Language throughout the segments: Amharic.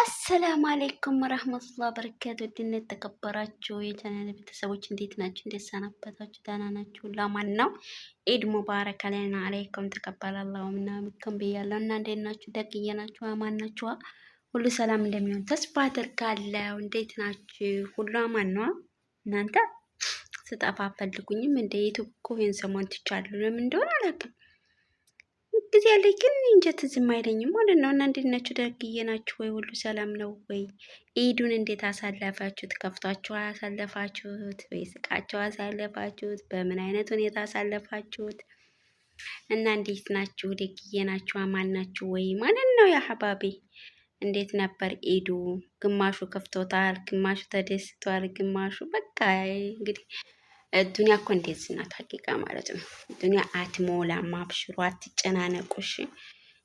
አሰላሙ አሌይኩም ረህመቱላ በረከቱ። ውድና የተከበራችሁ የቻናል ቤተሰቦች እንዴት ናችሁ? እንዴት ሰናበታችሁ? ደህና ናችሁ? ለማን ነው ኢድ ሙባረክ አለና አለይኩም ተቀበላላሁ ምናምክም ብያለሁ። እና እንዴት ናችሁ? ደግዬ ናችሁ? አማን ናችኋ? ሁሉ ሰላም እንደሚሆን ተስፋ አድርጋለሁ። እንዴት ናችሁ? ሁሉ አማን ነዋ። እናንተ ስጠፋ አፈልጉኝም እንደ ዩቱብ እኮ ይሄን ሰሞን ትቻለሁ። ለምን እንደሆነ አላውቅም። ጊዜ ያለኝ ግን እንጀት ዝም አይለኝም ማለት ነው። እና እንዴት ናችሁ? ደግዬ ናችሁ ወይ? ሁሉ ሰላም ነው ወይ? ኢዱን እንዴት አሳለፋችሁት? ከፍቷችሁ አሳለፋችሁት ወይ? ስቃችሁ አሳለፋችሁት? በምን አይነት ሁኔታ አሳለፋችሁት? እና እንዴት ናችሁ? ደግዬ ናችሁ? አማን ናችሁ ወይ ማለት ነው። የአህባቤ እንዴት ነበር ኢዱ? ግማሹ ከፍቶታል፣ ግማሹ ተደስቷል፣ ግማሹ በቃ እንግዲህ ዱኒያ እኮ እንደዚህ ናት፣ ሀቂቃ ማለት ነው። ዱኒያ አትሞላም። አብሽሩ፣ አትጨናነቁሽ።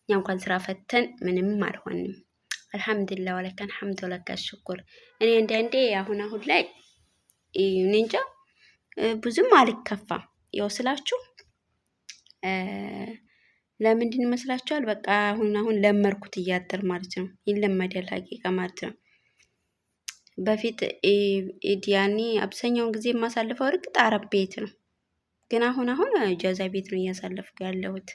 እኛ እንኳን ስራ ፈተን ምንም አልሆንም። አልሐምዱላ ወለካ አልሐምዱ ወለካ ሽኩር። እኔ አንዳንዴ አሁን አሁን ላይ እንጃ ብዙም አልከፋም። ያው ስላችሁ ለምንድን ይመስላችኋል? በቃ አሁን አሁን ለመርኩት እያደር ማለት ነው። ይለመዳል ሀቂቃ ማለት ነው። በፊት ኢዲያኒ አብዛኛውን ጊዜ የማሳልፈው እርግጥ አረብ ቤት ነው፣ ግን አሁን አሁን ጀዛ ቤት ነው እያሳለፍኩ ያለሁት።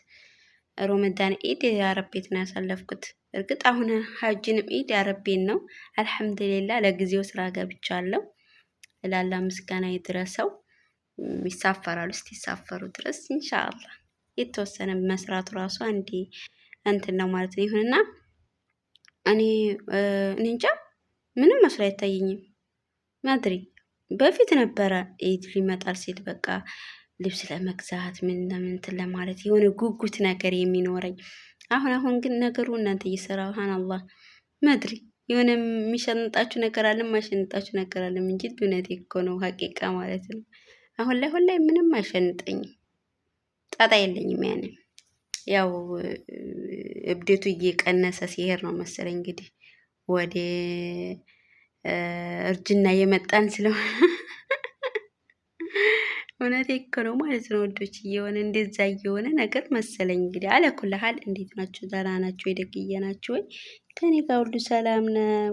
ሮመዳን ኢድ የአረብ ቤት ነው ያሳለፍኩት። እርግጥ አሁን ሀጅንም ኢድ አረብ ቤት ነው። አልሐምድሌላ ለጊዜው ስራ ገብቻለሁ። ላላ ምስጋና የድረሰው ይሳፈራሉ እስቲ ይሳፈሩ ድረስ እንሻላ የተወሰነ መስራቱ ራሱ አንዴ እንትን ነው ማለት ነው። ይሁንና እኔ እንጃ ምንም መስሎ አይታየኝም። ማድሪ በፊት ነበረ ኢድ ሊመጣል ሲል በቃ ልብስ ለመግዛት ምን ለምንትን ለማለት የሆነ ጉጉት ነገር የሚኖረኝ አሁን አሁን ግን ነገሩ እናንተ እየሰራ ሱብሃነላህ መድሪ የሆነ የሚሸንጣችሁ ነገር አለ፣ የማይሸንጣችሁ ነገር አለ እንጂ እውነት እኮ ነው ሀቂቃ ማለት ነው። አሁን ላይ ሁን ላይ ምንም አይሸንጠኝም፣ ጣጣ የለኝም። ያኔ ያው እብደቱ እየቀነሰ ሲሄድ ነው መሰለኝ እንግዲህ ወደ እርጅና የመጣን ስለሆነ እውነት እኮ ነው ማለት ነው ወዶች እየሆነ እንደዛ እየሆነ ነገር መሰለኝ። እንግዲህ አለ ኩልሃል እንዴት ናችሁ? ደህና ናችሁ? የደግዬ ናችሁ ወይ? ከኔ ጋር ሁሉ ሰላም ነው።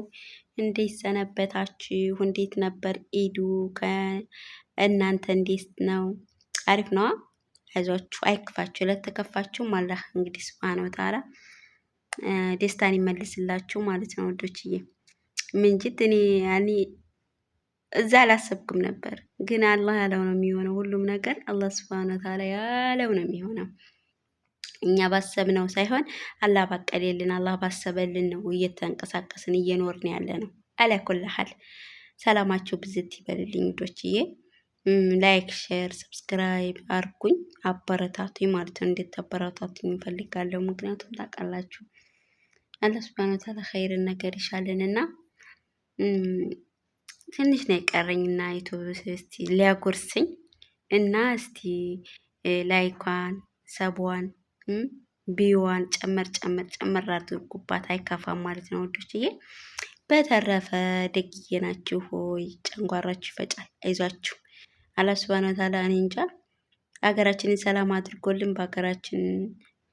እንዴት ሰነበታችሁ? እንዴት ነበር ኢዱ? ከእናንተ እንዴት ነው? አሪፍ ነዋ። አይዟችሁ፣ አይክፋችሁ። ለተከፋችሁም አላህ እንግዲህ ስብሃነ ወተዓላ ደስታን ይመልስላችሁ ማለት ነው ወዶችዬ። ምንጅት እኔ ያኔ እዛ አላሰብኩም ነበር፣ ግን አላህ ያለው ነው የሚሆነው። ሁሉም ነገር አላህ ሱብሃነሁ ወተዓላ ያለው ነው የሚሆነው። እኛ ባሰብነው ሳይሆን አላህ ባቀደልን አላህ ባሰበልን ነው እየተንቀሳቀስን እየኖርን ያለ ነው። አላኩልሃል ሰላማችሁ ብዝት ይበልልኝ ውዶችዬ። ላይክ፣ ሼር፣ ሰብስክራይብ አርጉኝ፣ አበረታቱኝ ማለት ነው። እንዴት አበረታቱኝ እፈልጋለሁ። ምክንያቱም ታውቃላችሁ አላህ ሱብሃነሁ ወተዓላ ኸይርን ነገር ይሻልንና ትንሽ ነው የቀረኝና ዩቱብ እስቲ ሊያጎርሰኝ እና እስቲ ላይኳን ሰቧን ቢዋን ጨመር ጨመር ጨመር አድርጉባት፣ አይከፋም ማለት ነው ወዶችዬ። በተረፈ ደግዬ ናችሁ ሆይ ጨንጓራችሁ ይፈጫል፣ አይዟችሁ። አላህ ሱብሃነሁ ወተዓላ እኔ እንጃ ሀገራችንን ሰላም አድርጎልን በሀገራችን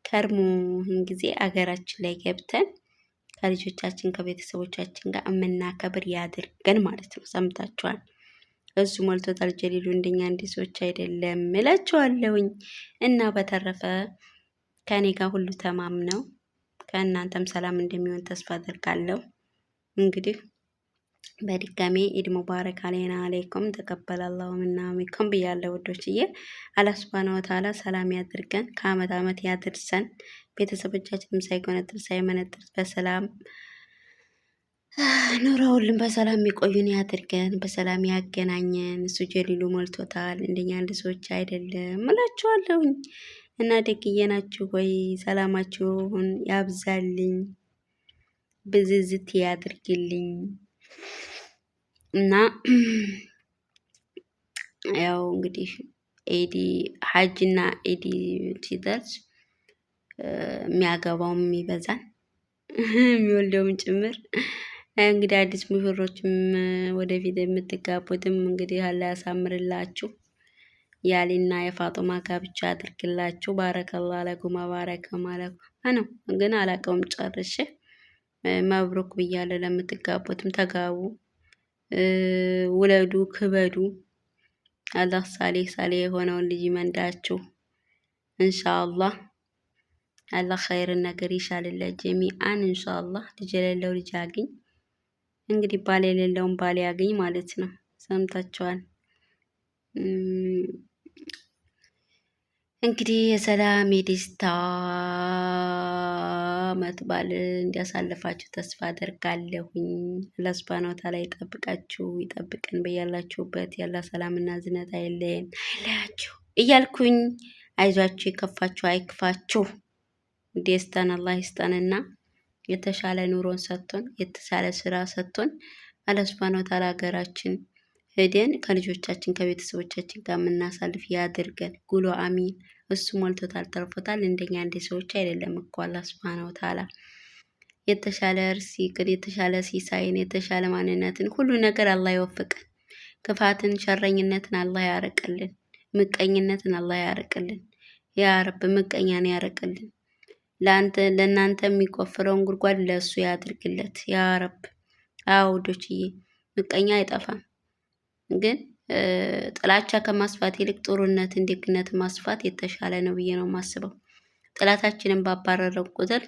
ከርሞ ጊዜ ሀገራችን ላይ ገብተን ከልጆቻችን ከቤተሰቦቻችን ጋር የምናከብር ያድርገን ማለት ነው። ሰምታችኋል። እሱ ሞልቶታል ጀሊሉ እንደኛ እንዲ ሰዎች አይደለም እላችኋለሁኝ። እና በተረፈ ከእኔ ጋር ሁሉ ተማምነው ከእናንተም ሰላም እንደሚሆን ተስፋ አደርጋለሁ እንግዲህ በድጋሚ ኢድ ሙባረክ አሌና አሌይኩም አላሁ ምና ሚኩም ውዶች እየ አላ ሱብሃነሁ ወተዓላ ሰላም ያድርገን፣ ከአመት አመት ያድርሰን። ቤተሰቦቻችንም ሳይጎነጥር ሳይመነጥር በሰላም ኑሮ ሁሉም በሰላም የሚቆዩን ያድርገን፣ በሰላም ያገናኘን። እሱ ጀሊሉ ሞልቶታል፣ እንደኛ እንደ ሰዎች አይደለም እላችኋለሁኝ። እና ደግዬ ናችሁ ወይ? ሰላማችሁን ያብዛልኝ፣ ብዝዝት ያድርግልኝ። እና ያው እንግዲህ ኤዲ ሀጅ ሀጅና ኤዲ ሲደርስ የሚያገባውም ይበዛል የሚወልደውም ጭምር እንግዲህ አዲስ ሙሽሮችም ወደፊት የምትጋቡትም እንግዲህ አላ ያሳምርላችሁ። ያሊና የፋጡማ ጋብቻ አድርግላችሁ። ባረከላ ለጉማ ባረከ ማለኩ ነው። ግን አላቀውም ጨርሼ መብሩክ ብያለሁ። ለምትጋቡትም ተጋቡ። ውለዱ፣ ክበዱ። አላህ ሳሌህ ሳሌህ የሆነውን ልጅ ይመንዳችሁ እንሻአላህ። አላህ ኸይርን ነገር ይሻልለ ጀሚአን እንሻአላህ። ልጅ የሌለው ልጅ አግኝ። እንግዲህ ባል የሌለውን ባል ያግኝ ማለት ነው። ሰምታችኋል። እንግዲህ የሰላም የደስታ አመት በዓል እንዲያሳልፋችሁ ተስፋ አደርጋለሁኝ። ለስባን ወታላ ይጠብቃችሁ ይጠብቀን። በያላችሁበት ያላ ሰላምና ዝነት አይለየን አይለያችሁ እያልኩኝ አይዟችሁ፣ የከፋችሁ አይክፋችሁ። ደስታን አላህ ይስጠንና የተሻለ ኑሮን ሰጥቶን የተሻለ ስራ ሰጥቶን አላህ ሱብሃነሁ ወተዓላ ሀገራችን ሄደን ከልጆቻችን ከቤተሰቦቻችን ጋር የምናሳልፍ ያድርገን። ጉሎ አሚን። እሱ ሞልቶታል፣ ተርፎታል። እንደኛ እንደ ሰዎች አይደለም እኮ አላህ ሱብሃነሁ ወተዓላ የተሻለ ይቅር፣ የተሻለ ሲሳይን የተሻለ ማንነትን ሁሉ ነገር አላህ ይወፍቀን። ክፋትን ሸረኝነትን አላህ ያረቅልን። ምቀኝነትን አላህ ያረቅልን ያ ረብ ምቀኛን ያረቅልን ለአንተ ለእናንተ የሚቆፍረውን ጉድጓድ ለእሱ ያድርግለት። ያ ረብ አውዶችዬ ምቀኛ አይጠፋም። ግን ጥላቻ ከማስፋት ይልቅ ጥሩነትን፣ ደግነትን ማስፋት የተሻለ ነው ብዬ ነው የማስበው። ጥላታችንን ባባረረው ቁጥር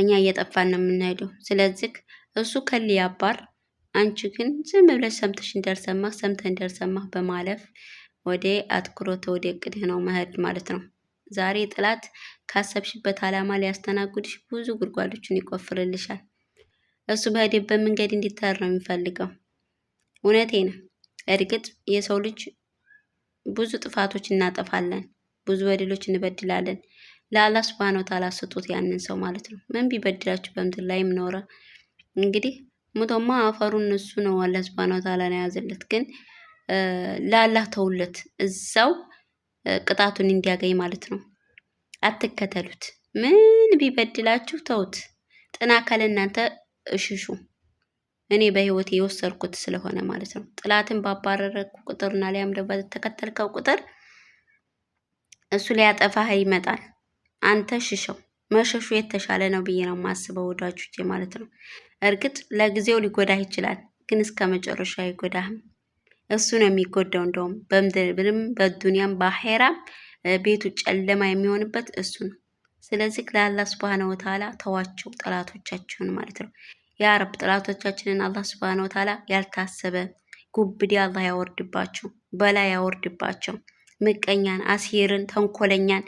እኛ እየጠፋን ነው የምንሄደው። ስለዚህ እሱ ከል ያባር፣ አንቺ ግን ዝም ብለሽ ሰምተሽ እንዳልሰማህ ሰምተ እንዳልሰማህ በማለፍ ወደ አትኩሮት ወደ እቅድህ ነው መሄድ ማለት ነው። ዛሬ ጥላት ካሰብሽበት ዓላማ ሊያስተናግድሽ ብዙ ጉድጓዶችን ይቆፍርልሻል። እሱ በሄደበት መንገድ እንዲታር ነው የሚፈልገው። እውነቴ ነው። እርግጥ የሰው ልጅ ብዙ ጥፋቶች እናጠፋለን፣ ብዙ በደሎች እንበድላለን። ለአላህ ሱብሃነሁ ወተዓላ ስጡት ያንን ሰው ማለት ነው። ምን ቢበድላችሁ በምድር ላይም ኖረ እንግዲህ ሙቶማ አፈሩን እነሱ ነው አላህ ሱብሃነሁ ወተዓላ ነው የያዘለት። ግን ለአላህ ተውለት፣ እዛው ቅጣቱን እንዲያገኝ ማለት ነው። አትከተሉት። ምን ቢበድላችሁ ተውት። ጥና ካለ እናንተ እሽሹ። እኔ በህይወት የወሰድኩት ስለሆነ ማለት ነው። ጥላትን ባባረረ ቁጥርና ደግሞ በተከተልከው ቁጥር እሱ ሊያጠፋህ ይመጣል። አንተ ሽሸው። መሸሹ የተሻለ ነው ብዬ ነው የማስበው ወዳጆቼ ማለት ነው። እርግጥ ለጊዜው ሊጎዳህ ይችላል፣ ግን እስከ መጨረሻ አይጎዳህም። እሱ ነው የሚጎዳው። እንደውም በምድርም በዱንያም በአኼራም ቤቱ ጨለማ የሚሆንበት እሱ ነው። ስለዚህ ለአላህ ሱብሃነሁ ወተዓላ ተዋቸው ጠላቶቻችሁን ማለት ነው። የአረብ ጥላቶቻችንን አላህ ስብሃነ ወተዓላ ያልታሰበ ጉብዴ አላህ ያወርድባቸው፣ በላ ያወርድባቸው። ምቀኛን፣ አሲርን፣ ተንኮለኛን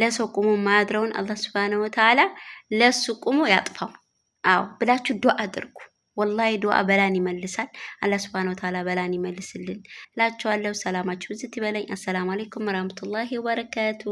ለሰው ቁሞ ማያድረውን አላህ ስብሃነ ወተዓላ ለሱ ቁሞ ያጥፋው። አዎ ብላችሁ ዱዓ አድርጉ። ወላሂ ዱዓ በላን ይመልሳል። አላህ ስብሃነ ወተዓላ በላን ይመልስልን እላችኋለሁ። ሰላማችሁ ዝት ይበለኝ። አሰላሙ አለይኩም ወራህመቱላሂ ወበረካቱ